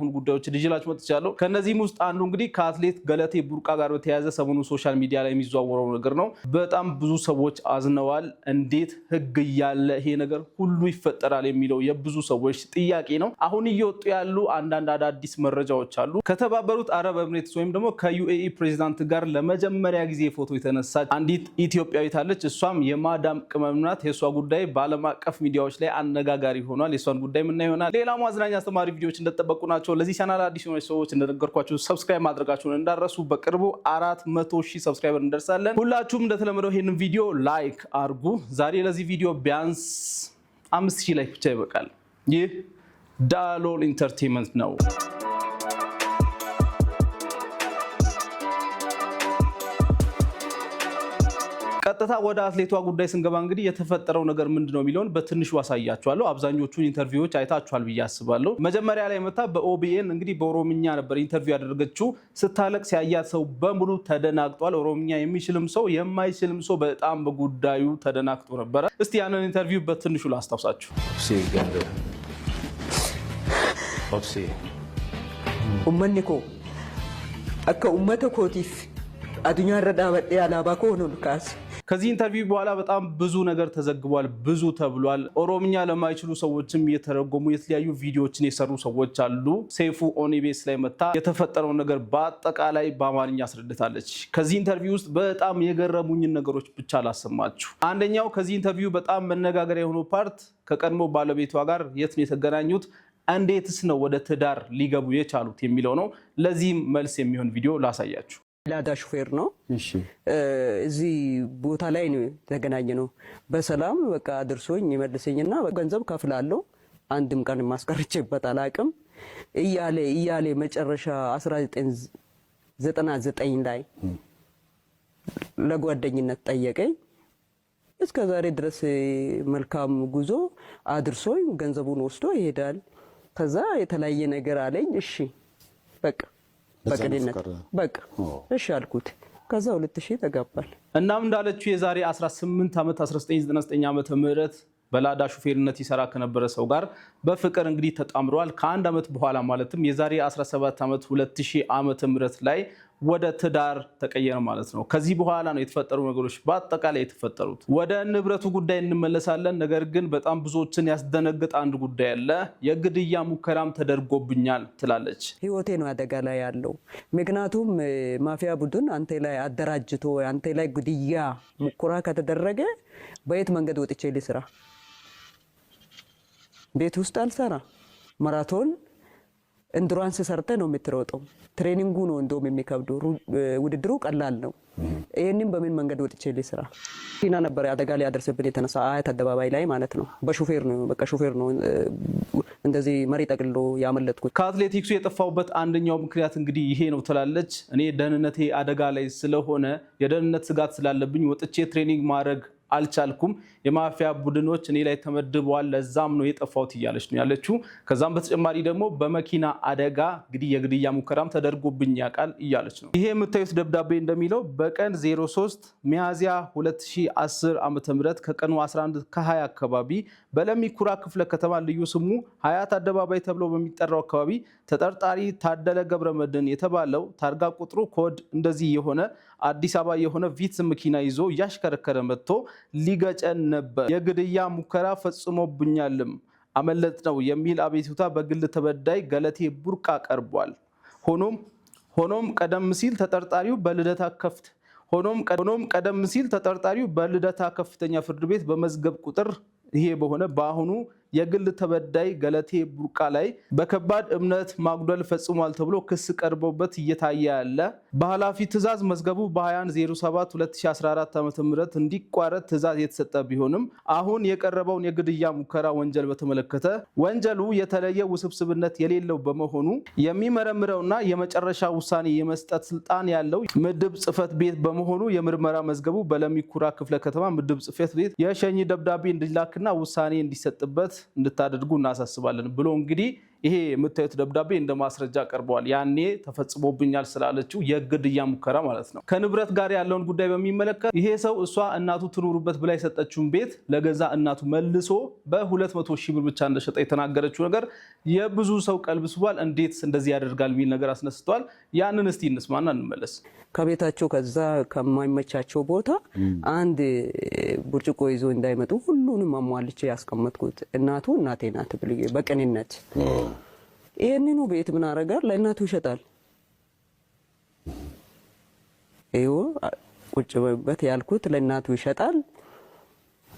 ሁን ጉዳዮች ልጅላችሁ መጥቻለሁ። ከእነዚህም ውስጥ አንዱ እንግዲህ ከአትሌት ገለቴ ቡርቃ ጋር በተያያዘ ሰሞኑ ሶሻል ሚዲያ ላይ የሚዘዋወረው ነገር ነው። በጣም ብዙ ሰዎች አዝነዋል። እንዴት ህግ እያለ ይሄ ነገር ሁሉ ይፈጠራል የሚለው የብዙ ሰዎች ጥያቄ ነው። አሁን እየወጡ ያሉ አንዳንድ አዳዲስ መረጃዎች አሉ። ከተባበሩት አረብ ኤምሬትስ ወይም ደግሞ ከዩኤኢ ፕሬዚዳንት ጋር ለመጀመሪያ ጊዜ ፎቶ የተነሳች አንዲት ኢትዮጵያዊት አለች። እሷም የማዳም ቅመም ናት። የእሷ ጉዳይ በዓለም አቀፍ ሚዲያዎች ላይ አነጋጋሪ ሆኗል። የእሷን ጉዳይ ምና ይሆናል። ሌላ አዝናኝ አስተማሪ ቪዲዮዎች እንደጠበቁ ናቸው። ናቸው። ለዚህ ቻናል አዲስ የሆነ ሰዎች እንደነገርኳችሁ ሰብስክራይብ ማድረጋችሁን እንዳረሱ። በቅርቡ አራት መቶ ሺህ ሰብስክራይበር እንደርሳለን። ሁላችሁም እንደተለመደው ይህንን ቪዲዮ ላይክ አድርጉ። ዛሬ ለዚህ ቪዲዮ ቢያንስ አምስት ሺህ ላይክ ብቻ ይበቃል። ይህ ዳሎል ኢንተርቴንመንት ነው። ቀጥታ ወደ አትሌቷ ጉዳይ ስንገባ እንግዲህ የተፈጠረው ነገር ምንድን ነው የሚለውን በትንሹ አሳያችኋለሁ። አብዛኞቹን ኢንተርቪዎች አይታችኋል ብዬ አስባለሁ። መጀመሪያ ላይ መታ በኦቢኤን እንግዲህ በኦሮምኛ ነበር ኢንተርቪው ያደረገችው። ስታለቅ ሲያያት ሰው በሙሉ ተደናግጧል። ኦሮምኛ የሚችልም ሰው የማይችልም ሰው በጣም በጉዳዩ ተደናግጦ ነበረ። እስቲ ያንን ኢንተርቪው በትንሹ ላስታውሳችሁ። ኡመኒ ኮ አከ ኡመተ ኮቲፍ አዱኛ ረዳ በጤ አላባ ኮ ሆኖ ከዚህ ኢንተርቪው በኋላ በጣም ብዙ ነገር ተዘግቧል፣ ብዙ ተብሏል። ኦሮምኛ ለማይችሉ ሰዎችም እየተረጎሙ የተለያዩ ቪዲዮዎችን የሰሩ ሰዎች አሉ። ሴፉ ኦኒቤስ ላይ መታ የተፈጠረውን ነገር በአጠቃላይ በአማርኛ አስረድታለች። ከዚህ ኢንተርቪው ውስጥ በጣም የገረሙኝን ነገሮች ብቻ ላሰማችሁ። አንደኛው ከዚህ ኢንተርቪው በጣም መነጋገሪያ የሆነው ፓርት ከቀድሞ ባለቤቷ ጋር የት ነው የተገናኙት እንዴትስ ነው ወደ ትዳር ሊገቡ የቻሉት የሚለው ነው። ለዚህም መልስ የሚሆን ቪዲዮ ላሳያችሁ። ላዳ ሹፌር ነው። እዚህ ቦታ ላይ ነው የተገናኘ ነው። በሰላም በቃ አድርሶኝ የመልሰኝና ገንዘብ ከፍላለሁ አንድም ቀን የማስቀርቼበት አላቅም እያለ እያለ መጨረሻ 1999 ላይ ለጓደኝነት ጠየቀኝ። እስከ ዛሬ ድረስ መልካም ጉዞ አድርሶኝ ገንዘቡን ወስዶ ይሄዳል። ከዛ የተለያየ ነገር አለኝ። እሺ በቃ በቅንነት በቃ እሺ አልኩት። ከዛ ሁለት ተጋባል። እናም እንዳለችው የዛሬ 18 ዓመት 1999 ዓመተ ምህረት በላዳ ሹፌርነት ይሰራ ከነበረ ሰው ጋር በፍቅር እንግዲህ ተጣምረዋል። ከአንድ ዓመት በኋላ ማለትም የዛሬ 17 ዓመት 2000 ዓመተ ምህረት ላይ ወደ ትዳር ተቀየረ ማለት ነው። ከዚህ በኋላ ነው የተፈጠሩ ነገሮች በአጠቃላይ የተፈጠሩት። ወደ ንብረቱ ጉዳይ እንመለሳለን። ነገር ግን በጣም ብዙዎችን ያስደነግጥ አንድ ጉዳይ አለ። የግድያ ሙከራም ተደርጎብኛል ትላለች። ህይወቴ ነው አደጋ ላይ ያለው። ምክንያቱም ማፊያ ቡድን አንተ ላይ አደራጅቶ አንተ ላይ ግድያ ሙከራ ከተደረገ በየት መንገድ ወጥቼ ልስራ? ቤት ውስጥ አልሰራ ማራቶን እንድሯንስ ሰርተ ነው የምትሮጠው። ትሬኒንጉ ነው እንደውም የሚከብዱ ውድድሩ ቀላል ነው። ይህንም በምን መንገድ ወጥቼ ልስራ? ና ነበር አደጋ ላይ ያደርስብን የተነሳ አያት አደባባይ ላይ ማለት ነው። በሹፌር ነው በቃ ሹፌር ነው እንደዚህ መሪ ጠቅሎ ያመለጥኩት። ከአትሌቲክሱ የጠፋውበት አንደኛው ምክንያት እንግዲህ ይሄ ነው ትላለች። እኔ ደህንነቴ አደጋ ላይ ስለሆነ የደህንነት ስጋት ስላለብኝ ወጥቼ ትሬኒንግ ማድረግ አልቻልኩም፣ የማፊያ ቡድኖች እኔ ላይ ተመድበዋል፣ ለዛም ነው የጠፋሁት እያለች ነው ያለችው። ከዛም በተጨማሪ ደግሞ በመኪና አደጋ እንግዲህ የግድያ ሙከራም ተደርጎብኝ ያውቃል እያለች ነው። ይሄ የምታዩት ደብዳቤ እንደሚለው በቀን 03 ሚያዝያ 2010 ዓ ም ከቀኑ 11 ከ20 አካባቢ በለሚኩራ ክፍለ ከተማ ልዩ ስሙ ሀያት አደባባይ ተብሎ በሚጠራው አካባቢ ተጠርጣሪ ታደለ መድን የተባለው ታርጋ ቁጥሩ ኮድ እንደዚህ የሆነ አዲስ አበባ የሆነ ቪትስ መኪና ይዞ እያሽከረከረ መጥቶ ሊገጨን ነበር፣ የግድያ ሙከራ ፈጽሞብኛልም፣ አመለጥ ነው የሚል አቤቱታ በግል ተበዳይ ገለቴ ቡርቃ ቀርቧል። ሆኖም ሆኖም ቀደም ሲል ተጠርጣሪው በልደታ ከፍት ሆኖም ቀደም ሲል ተጠርጣሪው በልደታ ከፍተኛ ፍርድ ቤት በመዝገብ ቁጥር ይሄ በሆነ በአሁኑ የግል ተበዳይ ገለቴ ቡርቃ ላይ በከባድ እምነት ማጉደል ፈጽሟል ተብሎ ክስ ቀርቦበት እየታየ ያለ በኃላፊ ትዕዛዝ መዝገቡ በ2107 ዓም ዓ ም እንዲቋረጥ ትእዛዝ የተሰጠ ቢሆንም አሁን የቀረበውን የግድያ ሙከራ ወንጀል በተመለከተ ወንጀሉ የተለየ ውስብስብነት የሌለው በመሆኑ የሚመረምረውና የመጨረሻ ውሳኔ የመስጠት ስልጣን ያለው ምድብ ጽህፈት ቤት በመሆኑ የምርመራ መዝገቡ በለሚኩራ ክፍለ ከተማ ምድብ ጽፈት ቤት የሸኝ ደብዳቤ እንዲላክና ውሳኔ እንዲሰጥበት እንድታደርጉ እናሳስባለን ብሎ እንግዲህ ይሄ የምታዩት ደብዳቤ እንደ ማስረጃ ቀርበዋል። ያኔ ተፈጽሞብኛል ስላለችው የግድያ ሙከራ ማለት ነው። ከንብረት ጋር ያለውን ጉዳይ በሚመለከት ይሄ ሰው እሷ እናቱ ትኑሩበት ብላ የሰጠችውን ቤት ለገዛ እናቱ መልሶ በ200 ሺህ ብር ብቻ እንደሸጠ የተናገረችው ነገር የብዙ ሰው ቀልብ ስቧል። እንዴት እንደዚህ ያደርጋል የሚል ነገር አስነስተዋል። ያንን እስቲ እንስማና እንመለስ። ከቤታቸው ከዛ ከማይመቻቸው ቦታ አንድ ብርጭቆ ይዞ እንዳይመጡ ሁሉንም አሟልቼ ያስቀመጥኩት እናቱ እናቴ ናት በቅንነት ይህንኑ ቤት ምን አረጋል? ለእናቱ ይሸጣል። ይኸው ቁጭ በበት ያልኩት ለእናቱ ይሸጣል።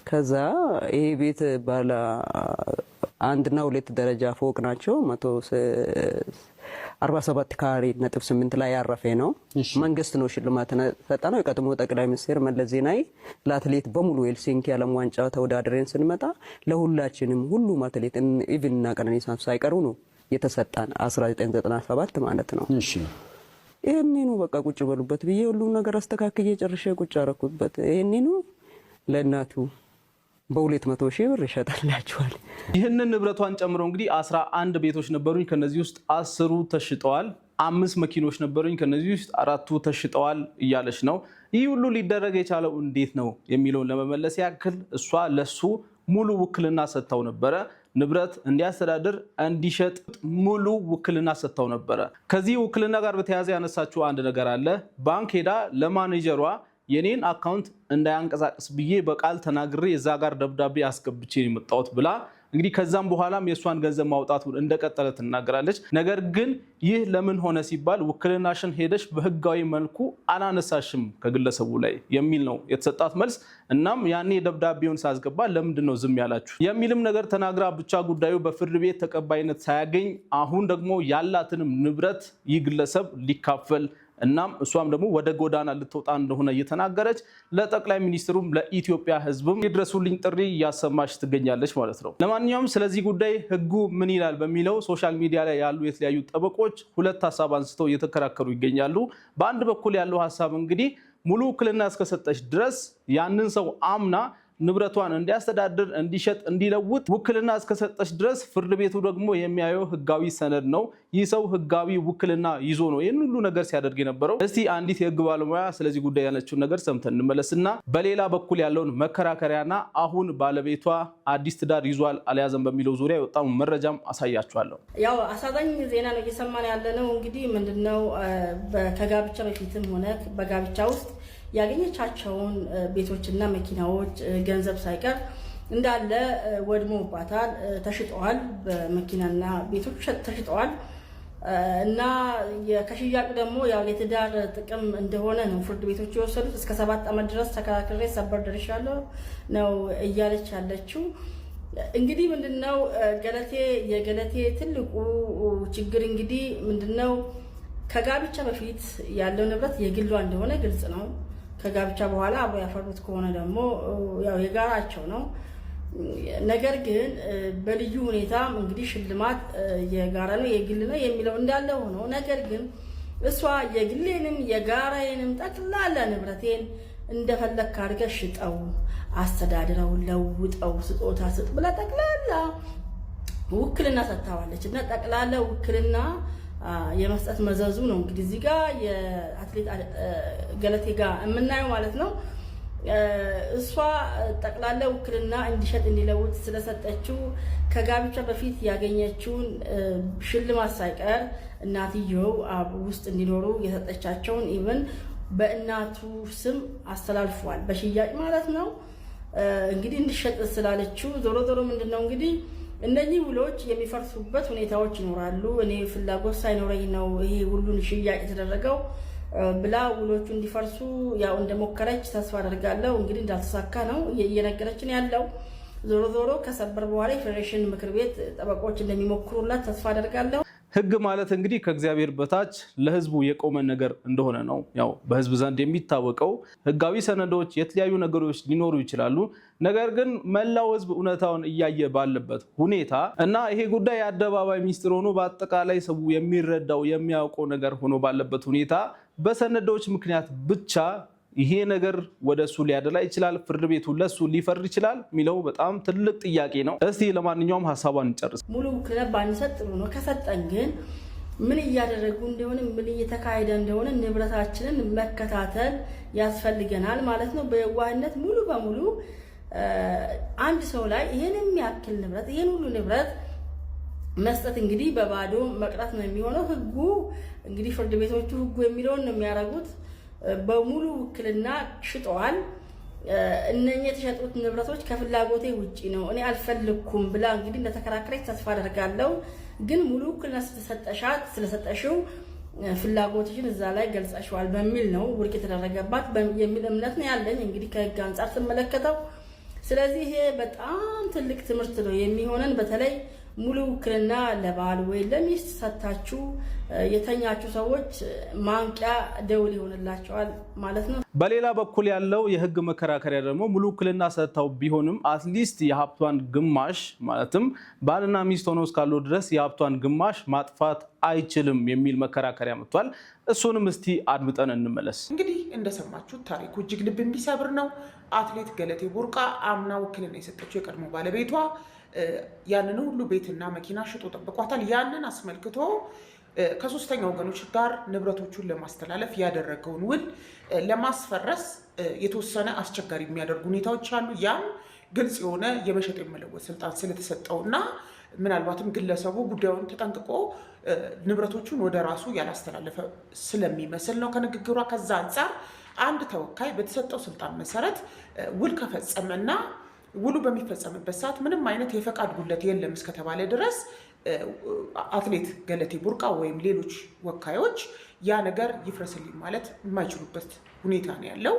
ከዛ ይሄ ቤት ባለ አንድና ሁለት ደረጃ ፎቅ ናቸው። መቶ አርባ ሰባት ካሬ ነጥብ ስምንት ላይ ያረፈ ነው። መንግስት ነው ሽልማት ሰጠ ነው። የቀድሞ ጠቅላይ ሚኒስትር መለስ ዜናዊ ለአትሌት በሙሉ ሄልሲንኪ ዓለም ዋንጫ ተወዳድረን ስንመጣ ለሁላችንም ሁሉም አትሌት ኢቭንና ቀነኒሳ ሳይቀሩ ነው የተሰጠን 1997 ማለት ነው። ይህኒኑ በቃ ቁጭ በሉበት ብዬ ሁሉም ነገር አስተካክዬ ጨርሼ ቁጭ አረኩበት። ይሄኔ ለእናቱ በሁለት መቶ ሺህ ብር ይሸጣላችኋል። ይህንን ንብረቷን ጨምሮ እንግዲህ አስራ አንድ ቤቶች ነበሩኝ። ከነዚህ ውስጥ አስሩ ተሽጠዋል። አምስት መኪኖች ነበሩኝ። ከነዚህ ውስጥ አራቱ ተሽጠዋል እያለች ነው። ይህ ሁሉ ሊደረግ የቻለው እንዴት ነው የሚለውን ለመመለስ ያክል እሷ ለሱ ሙሉ ውክልና ሰጥተው ነበረ። ንብረት እንዲያስተዳድር እንዲሸጥ ሙሉ ውክልና ሰጥተው ነበረ። ከዚህ ውክልና ጋር በተያያዘ ያነሳችው አንድ ነገር አለ። ባንክ ሄዳ ለማኔጀሯ የኔን አካውንት እንዳያንቀሳቀስ ብዬ በቃል ተናግሬ እዛ ጋር ደብዳቤ አስገብቼ የመጣሁት ብላ እንግዲህ ከዛም በኋላም የእሷን ገንዘብ ማውጣቱ እንደቀጠለ ትናገራለች። ነገር ግን ይህ ለምን ሆነ ሲባል ውክልናሽን ሄደሽ በህጋዊ መልኩ አላነሳሽም ከግለሰቡ ላይ የሚል ነው የተሰጣት መልስ። እናም ያኔ ደብዳቤውን ሳስገባ ለምንድን ነው ዝም ያላችሁ የሚልም ነገር ተናግራ ብቻ ጉዳዩ በፍርድ ቤት ተቀባይነት ሳያገኝ አሁን ደግሞ ያላትንም ንብረት ይህ ግለሰብ ሊካፈል እናም እሷም ደግሞ ወደ ጎዳና ልትወጣ እንደሆነ እየተናገረች ለጠቅላይ ሚኒስትሩም ለኢትዮጵያ ሕዝብም የድረሱልኝ ጥሪ እያሰማች ትገኛለች ማለት ነው። ለማንኛውም ስለዚህ ጉዳይ ህጉ ምን ይላል በሚለው ሶሻል ሚዲያ ላይ ያሉ የተለያዩ ጠበቆች ሁለት ሀሳብ አንስተው እየተከራከሩ ይገኛሉ። በአንድ በኩል ያለው ሀሳብ እንግዲህ ሙሉ ውክልና እስከሰጠች ድረስ ያንን ሰው አምና ንብረቷን እንዲያስተዳድር፣ እንዲሸጥ፣ እንዲለውጥ ውክልና እስከሰጠች ድረስ ፍርድ ቤቱ ደግሞ የሚያየው ህጋዊ ሰነድ ነው። ይህ ሰው ህጋዊ ውክልና ይዞ ነው ይህን ሁሉ ነገር ሲያደርግ የነበረው። እስቲ አንዲት የህግ ባለሙያ ስለዚህ ጉዳይ ያለችውን ነገር ሰምተን እንመለስና በሌላ በኩል ያለውን መከራከሪያና አሁን ባለቤቷ አዲስ ትዳር ይዟል አልያዘም በሚለው ዙሪያ የወጣው መረጃም አሳያችኋለሁ። ያው አሳዛኝ ዜና ነው እየሰማን ያለ ነው። እንግዲህ ምንድነው ከጋብቻ በፊትም ሆነ በጋብቻ ውስጥ ያገኘቻቸውን ቤቶችና መኪናዎች ገንዘብ ሳይቀር እንዳለ ወድሞባታል፣ ተሽጠዋል። በመኪናና ቤቶች ተሽጠዋል እና ከሽያጭ ደግሞ ያው የትዳር ጥቅም እንደሆነ ነው ፍርድ ቤቶች የወሰዱት። እስከ ሰባት ዓመት ድረስ ተከራክሬ ሰበር ደርሻለሁ ነው እያለች ያለችው። እንግዲህ ምንድነው ገለቴ የገለቴ ትልቁ ችግር እንግዲህ ምንድነው ከጋብቻ በፊት ያለው ንብረት የግሏ እንደሆነ ግልጽ ነው። ከጋብቻ በኋላ አብሮ ያፈሩት ከሆነ ደግሞ ያው የጋራቸው ነው። ነገር ግን በልዩ ሁኔታ እንግዲህ ሽልማት የጋራ ነው የግል ነው የሚለው እንዳለ ሆኖ ነገር ግን እሷ የግሌንም የጋራዬንም ጠቅላላ ንብረቴን እንደፈለግክ አድርገህ ሽጠው፣ አስተዳድረው፣ ለውጠው፣ ስጦታ ስጥ ብላ ጠቅላላ ውክልና ሰጥታዋለች እና ጠቅላላ ውክልና የመስጠት መዘዙ ነው እንግዲህ እዚህ ጋር የአትሌት ገለቴ ጋር የምናየው ማለት ነው። እሷ ጠቅላላ ውክልና እንዲሸጥ እንዲለውጥ ስለሰጠችው ከጋብቻ በፊት ያገኘችውን ሽልማት ሳይቀር እናትየው ውስጥ እንዲኖሩ የሰጠቻቸውን ኢቨን በእናቱ ስም አስተላልፏል፣ በሽያጭ ማለት ነው። እንግዲህ እንዲሸጥ ስላለችው ዞሮ ዞሮ ምንድን ነው እንግዲህ እነኚህ ውሎች የሚፈርሱበት ሁኔታዎች ይኖራሉ። እኔ ፍላጎት ሳይኖረኝ ነው ይሄ ሁሉን ሽያጭ የተደረገው ብላ ውሎቹ እንዲፈርሱ ያው እንደሞከረች ተስፋ አደርጋለሁ። እንግዲህ እንዳልተሳካ ነው እየነገረችን ያለው። ዞሮ ዞሮ ከሰበር በኋላ የፌዴሬሽን ምክር ቤት ጠበቆች እንደሚሞክሩላት ተስፋ አደርጋለሁ። ህግ ማለት እንግዲህ ከእግዚአብሔር በታች ለህዝቡ የቆመ ነገር እንደሆነ ነው። ያው በህዝብ ዘንድ የሚታወቀው ህጋዊ ሰነዶች፣ የተለያዩ ነገሮች ሊኖሩ ይችላሉ። ነገር ግን መላው ህዝብ እውነታውን እያየ ባለበት ሁኔታ እና ይሄ ጉዳይ የአደባባይ ሚስጥር ሆኖ በአጠቃላይ ሰው የሚረዳው የሚያውቀው ነገር ሆኖ ባለበት ሁኔታ በሰነዶች ምክንያት ብቻ ይሄ ነገር ወደ እሱ ሊያደላ ይችላል፣ ፍርድ ቤቱ ለሱ ሊፈርድ ይችላል የሚለው በጣም ትልቅ ጥያቄ ነው። እስቲ ለማንኛውም ሀሳቧን እንጨርስ። ሙሉ ክለብ ባንሰጥ ጥሩ ነው። ከሰጠን ግን ምን እያደረጉ እንደሆነ ምን እየተካሄደ እንደሆነ ንብረታችንን መከታተል ያስፈልገናል ማለት ነው። በየዋህነት ሙሉ በሙሉ አንድ ሰው ላይ ይህን የሚያክል ንብረት ይህን ሁሉ ንብረት መስጠት እንግዲህ በባዶ መቅረት ነው የሚሆነው። ህጉ እንግዲህ ፍርድ ቤቶቹ ህጉ የሚለውን ነው የሚያደርጉት። በሙሉ ውክልና ሽጠዋል። እነኚህ የተሸጡት ንብረቶች ከፍላጎቴ ውጪ ነው እኔ አልፈልኩም ብላ እንግዲህ እንደተከራከረች ተስፋ አደርጋለሁ። ግን ሙሉ ውክልና ስለሰጠሻት ስለሰጠሽው ፍላጎትሽን እዛ ላይ ገልጸሽዋል በሚል ነው ውድቅ የተደረገባት የሚል እምነት ነው ያለኝ እንግዲህ ከህግ አንጻር ስመለከተው። ስለዚህ ይሄ በጣም ትልቅ ትምህርት ነው የሚሆነን። በተለይ ሙሉ ውክልና ለባል ወይ ለሚስት ሰታችሁ የተኛችሁ ሰዎች ማንቂያ ደውል ይሆንላቸዋል ማለት ነው። በሌላ በኩል ያለው የህግ መከራከሪያ ደግሞ ሙሉ ውክልና ሰጥተው ቢሆንም አትሊስት የሀብቷን ግማሽ ማለትም ባልና ሚስት ሆነው እስካሉ ድረስ የሀብቷን ግማሽ ማጥፋት አይችልም የሚል መከራከሪያ መጥቷል። እሱንም እስቲ አድምጠን እንመለስ። እንግዲህ እንደሰማችሁት ታሪኩ እጅግ ልብ የሚሰብር ነው። አትሌት ገለቴ ቡርቃ አምና ውክልና የሰጠችው የቀድሞ ባለቤቷ ያንን ሁሉ ቤትና መኪና ሽጦ ጠብቋታል። ያንን አስመልክቶ ከሶስተኛ ወገኖች ጋር ንብረቶቹን ለማስተላለፍ ያደረገውን ውል ለማስፈረስ የተወሰነ አስቸጋሪ የሚያደርጉ ሁኔታዎች አሉ። ያም ግልጽ የሆነ የመሸጥ የመለወጥ ስልጣን ስለተሰጠው እና ምናልባትም ግለሰቡ ጉዳዩን ተጠንቅቆ ንብረቶቹን ወደ ራሱ ያላስተላለፈ ስለሚመስል ነው ከንግግሯ። ከዛ አንጻር አንድ ተወካይ በተሰጠው ስልጣን መሰረት ውል ከፈጸመ እና ውሉ በሚፈጸምበት ሰዓት ምንም አይነት የፈቃድ ጉለት የለም እስከተባለ ድረስ አትሌት ገለቴ ቡርቃ ወይም ሌሎች ወካዮች ያ ነገር ይፍረስልኝ ማለት የማይችሉበት ሁኔታ ነው ያለው።